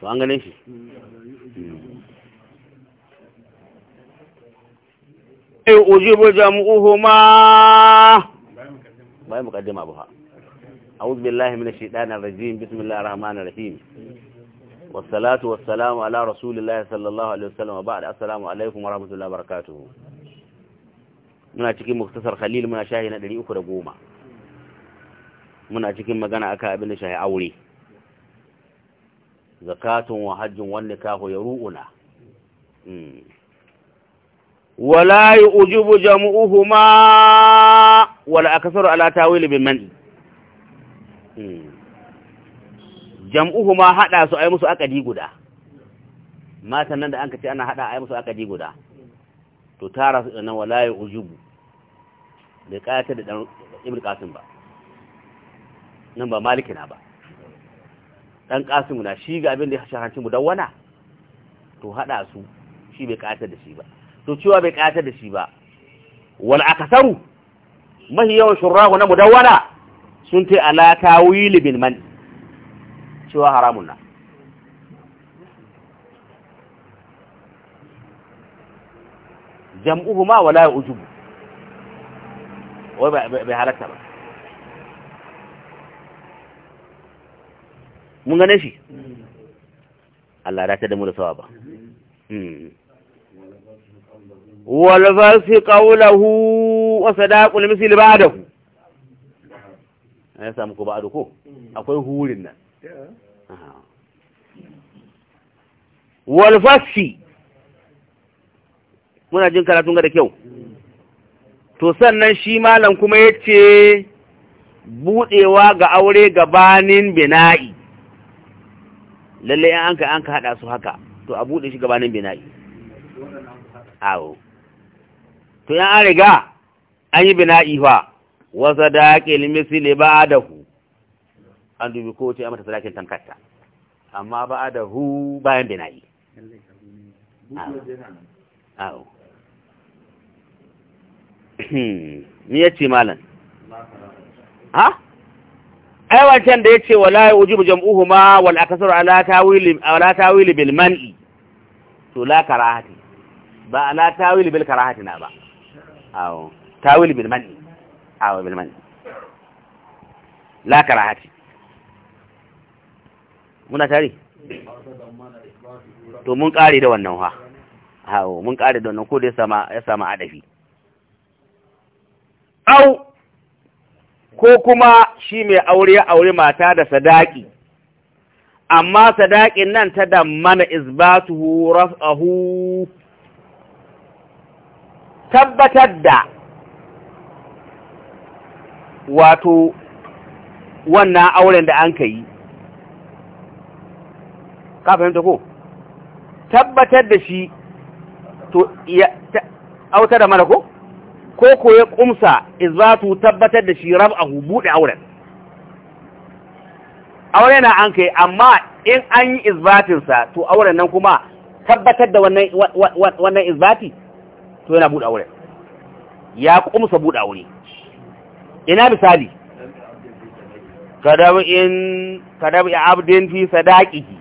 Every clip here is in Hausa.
to an ganin shi ai hmm. oji eh, bai jami'u huma bai mukaddima ba fa a'udhu billahi minash shaitanir rajim bismillahir rahmanir rahim wassalatu wassalamu ala rasulillahi sallallahu alaihi wasallam wa ba'd assalamu alaikum wa rahmatullahi wa muna cikin muktasar khalil muna shahi na 310 muna cikin magana aka abin da shahi aure zakatun wa hajjin wanda kahu ya ru'una hmm. wala yujibu jam'uhuma wala akasaru ala tawil bin man hmm. jam'uhuma hada su ai musu akadi guda matan nan da an ce ana hada ai musu akadi guda to tara su nan wala yujibu ujubu da kayata da ibn qasim ba nan ba maliki na ba dan kasimu na shi ga abin da ya shahanci mu wana to hada su shi bai kayatar da shi ba to cewa bai kayatar da shi ba wal akasaru mahi yawan shurrahu na mudawwana sun ta ala tawil bil man cewa haramun na jam'uhuma wala yujubu wai bai halatta ba mun gane shi Allah ya ta damu da sawa ba hmm. wal fasi qawluhu wa sadaqul misl ba'dahu ai samu ko ba'du ko akwai hurin nan wal fasi muna jin karatun ga da kyau to sannan shi malam kuma yace budewa ga aure gabanin bina'i lalle ya an ka an ka hada su haka to a bude shi gabanin bina'i awo to ya riga an yi bina'i fa wasa sadaqil misli ba'dahu da hu an dubi ko ce amma sadaqin tankata amma ba'dahu da hu bayan bina'i awo ni ya ce malam ha ai wancan da ya yace ujibu jam'uhu ma wal aksaru ala a ala tawili bil man'i to la karahati ba ala tawili bil karahati na ba aw tawili bil man'i awo bil man'i la karahati muna tare to mun kare da wannan ha awo mun kare da wannan ko da ya sama ya sama adafi au ko kuma shi mai aure aure mata da sadaki amma sadakin nan ta da mana isbatuhu raf'ahu tabbatar da wato wannan auren da an ka yi ka ta ko tabbatar da shi to ya auta da mana ko ko ko ya kumsa izatu tabbatar da shi rab'ahu bude auren aure na an kai amma in an yi izbatin sa to auren nan kuma tabbatar da wannan wannan izbati to yana bude auren ya kumsa bude aure ina misali kadabu in kadabu ya abdin fi sadaqihi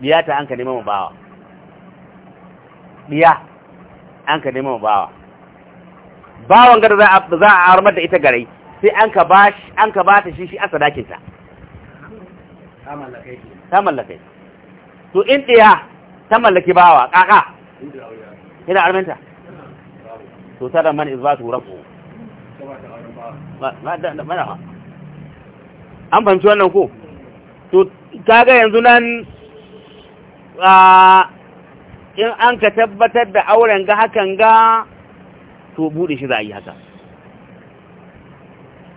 biya ta an ka neman bawa biya an ka neman bawa bawan gada za a armar da ita garai sai an ka ba shi an ka ba ta shi shi a sadakinta ta mallakai to in ɗaya ta mallaki bawa ƙaƙa ina arminta to tara man izbatu rabu an fahimci wannan ko to kaga yanzu nan ah, in an ka tabbatar da auren ga hakan ga to bude shi za a yi haka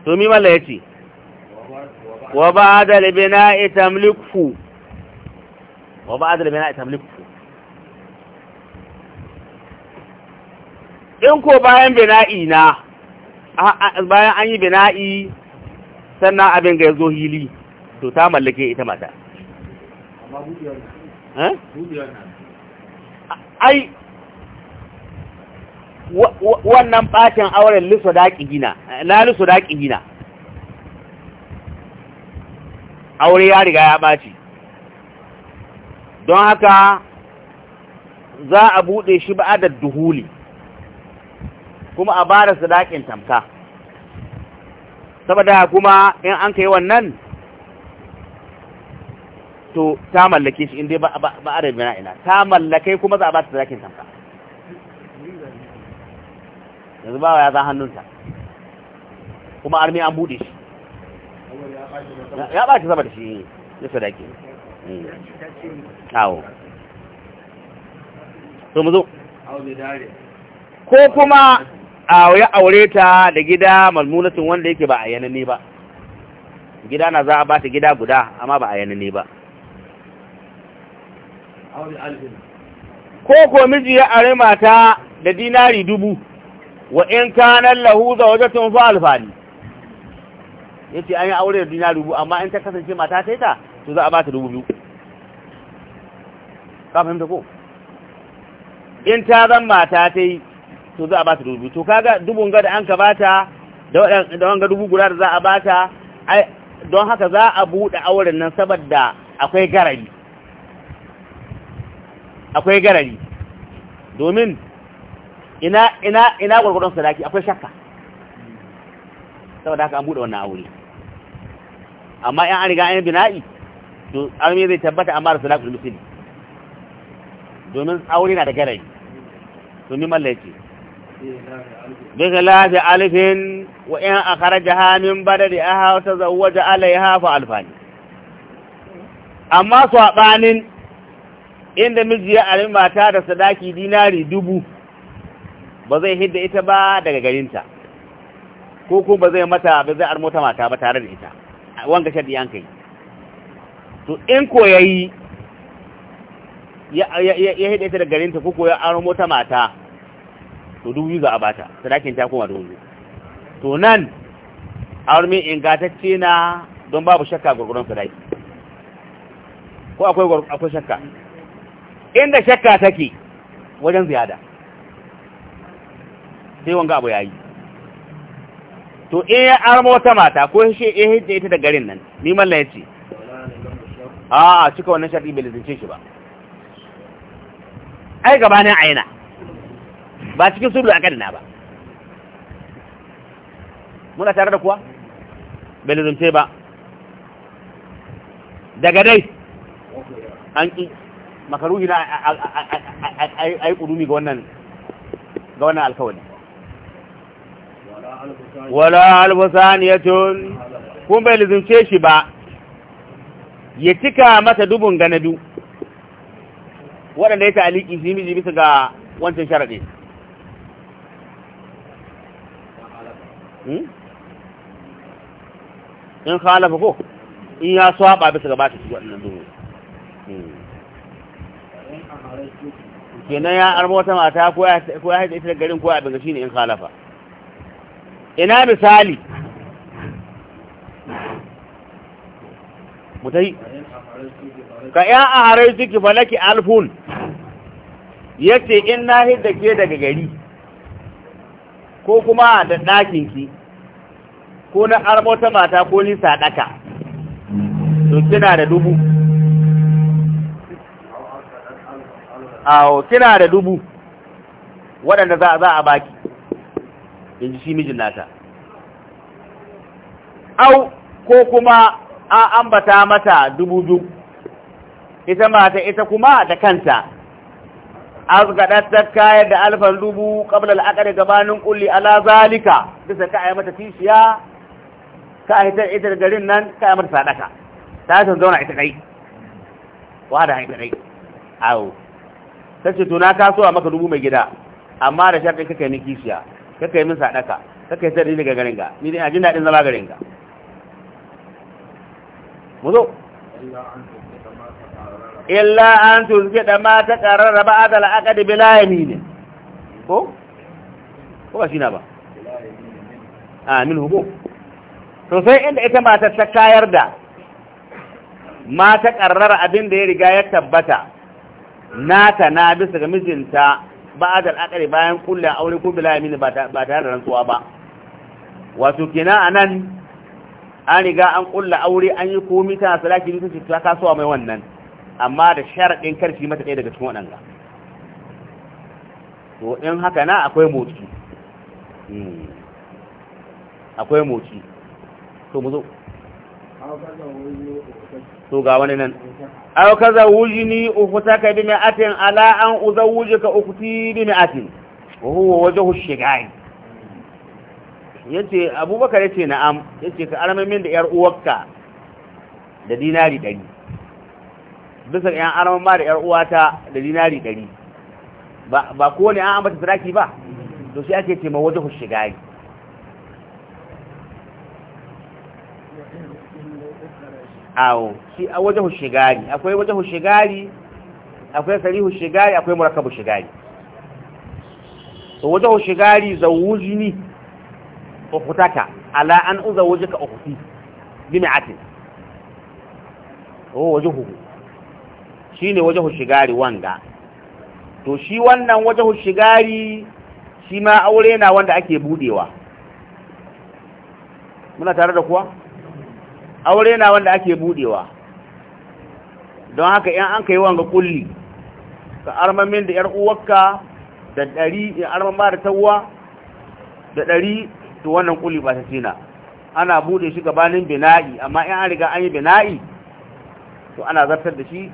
to mi mala yace wa ba'da libna'i tamlikfu wa ba'da libna'i tamlikfu in ko bayan bina'i na bayan an yi bina'i sannan abin ga ya zo hili to ta mallake ita mata eh? ai wannan ɓacin auren liso daƙi gina na liso daƙi gina aure ya riga ya ɓaci don haka za a buɗe shi ba da duhuli kuma a ba da sadakin tamka saboda kuma in an kai wannan to ta mallake shi inda ba a da bina ina ta mallake kuma za a ba da sadakin tamka yanzu bawa ya za hannunta kuma armi an buɗe shi ya ki zaba da shi ya sadaki kawo hmm. so mu zo ko kuma ya aure ta da gida malmunatin wanda yake ba a yanane ba gida na za a ba ta gida guda amma ba a yanane ba ko ko miji ya aure mata da dinari dubu wa in kana lahu zawjatun fa alfani yace an yi aure da duniya rubu amma in ta kasance mata sai ta to za a ba ta dubu biyu ka fahimta ko in ta zan mata ta yi to za a ba ta dubu biyu to kaga dubu ga da an ka bata da wanga dubu guda da za a bata ai don haka za a buɗe auren nan saboda akwai garari akwai garari domin ina ina ina gurgurdan sadaki akwai shakka saboda haka an bude wannan aure amma in an riga an bina'i to arme zai tabbata amma da sadaqul muslim domin aure na da to ni inda miji ya da sadaki dinari dubu ba zai hidda ita ba daga garinta ko kuma ba zai mata ba zai armota mata ba tare da ita wanga shaddi yanka yi to in ko ya hidda ita daga garinta ko ko ya armota mata to dubu za a bata sadakin ta koma dubu to nan armi ingantacce na don babu shakka gurgurun sadaki ko akwai akwai shakka inda shakka take wajen ziyada sai wanga abu yayi to in ya arma wata mata ko shi eh hijja ita da garin nan ni malla yace a cika wannan sharri bai lizince shi ba ai gabanin aina ba cikin sulu a kadina ba muna tare da kuwa bai lizince ba daga dai an ki makaruhi na ga wannan alkawali wala tun kun bai lizumce shi ba ya cika mata dubun ganadu waɗanda ya aliki su miji bisa ga wancan sharaɗe hmm? in khalafa ko in ya swaba bisa ga bata cikin waɗannan dubun hmm. kenan ya arba wata mata ko ya haita ita garin ko ya abin ga ne in khalafa ina misali mutai ka ya a harai suke falaki alfun ya ce in na hidda ke daga gari ko kuma da ɗakinki ko na armota mata ko nisa ɗaka to kina da dubu awo kina da dubu waɗanda za a baki in shi mijin nata au ko kuma an ambata mata dubu duk ita mata ita kuma da kanta azgadar ta kayar da alfan dubu kabla al'akari gabanin kulli ala zalika bisa ka ayi mata tishiya ka a hitar ita garin nan ka ayi mata sadaka ta san zauna ita kai da ita kai au ta ce to na a maka dubu mai gida amma da shafi kake ni kishiya kakai yi min sadaka kakai yi sarri daga garin ga ni dai jin dadin zama garin ga mu illa an tuzke da ma ta karara ba adala akadi bila yamini ko ko ba shi na ba a min hubo to sai inda ita ma ta kayar da ma ta karara abin da ya riga ya tabbata nata na bisa ga mijinta ba'ad akari bayan kullu aure ko bila yamin ba ta da rantsuwa ba wato kina anan an riga an kullu aure an yi komai ta salaki duk ta kasuwa mai wannan amma da sharadin karfi mata ɗaya daga cikin waɗanda to in haka na akwai motsi hmm. akwai motsi to mu zo to ga wani nan aw kaza wujni ufutaka bi mi'atin ala an uzawujuka ukuti bi mi'atin wa huwa wajhu shigai yace abubakar yace na'am yace ka armamin da yar uwarka da dinari dari bisa yan arman ma da yar uwata da dinari dari ba ba ko ne an ambata saraki ba to sai ake ce ma wajhu shigai awo shi a wajahu shigari akwai wajahu shigari akwai sarihu shigari akwai murakabu shigari to wajahu shigari zawujini ukhtaka ala an uzawujuka ukhti bim'atin oh wajahu shine wajahu shigari wanga to shi wannan wajahu shigari shi ma aure na wanda ake budewa muna tare da kuwa aure na wanda ake budewa don haka yan an kai wanga kulli ka armamin da yar uwarka da dari ya armama da tawwa da dari to wannan kulli ba ta sina ana bude shi gabanin bina'i amma in an riga an yi bina'i to ana zartar da shi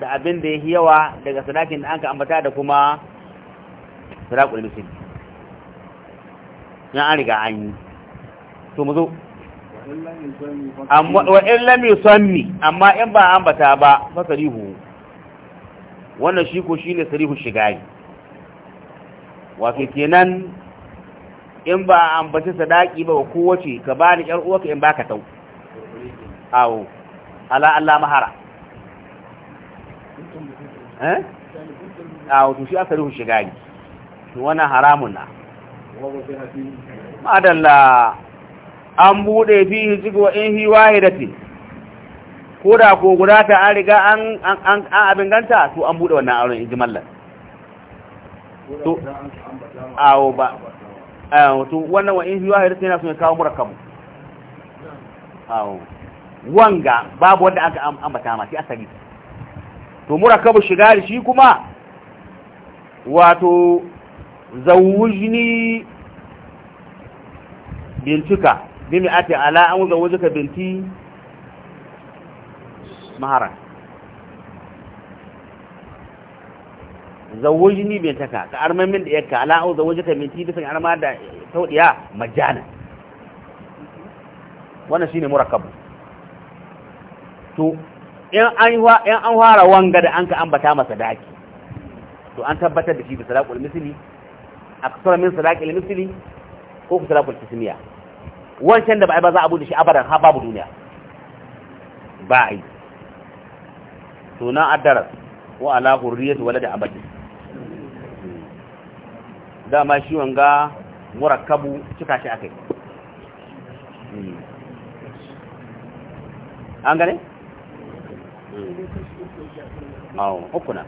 da abin da ya yi yawa daga sadakin da an ka ambata da kuma sadakul misali in an riga an yi to mu zo wa in lam yusanni amma in ba ambata ba fa sarihu wannan shi ko shine sarihu wa wato kenan in ba ambaci sadaki ba kowace ka bani yar ka in baka tau awo ala Allah mahara eh awo to shi asarihu shigari to wannan haramun na madalla an buɗe fihi ciki wa in hi wahidati ko da ko guda ta an riga an an abin ganta to an buɗe wannan auren ijmallan to awo ba to wannan wa in hi wahidati yana son kawo murakkabu awo wanga babu wanda aka ambata ma sai asali to murakkabu shiga da shi kuma wato zawujni bincika bimi ati ala an wuza wuzuka binti mahara bin taka, ka arman min da yakka ala an wuza wuzuka binti bisan arma da saudiya majana wannan shine murakkabu to in an in an fara wanga da an ka ambata masa daki to an tabbatar da shi bi salaqul misli aksara min salaqil misli ko ku salaqul kismiya wancan da ba a ba za a bude shi abadan ha babu duniya ba a yi sunan adaras wa riyar wale da abadi dama shi wanga kabu cika shi yi hmm. an gane? Hmm. Awo, hukuna.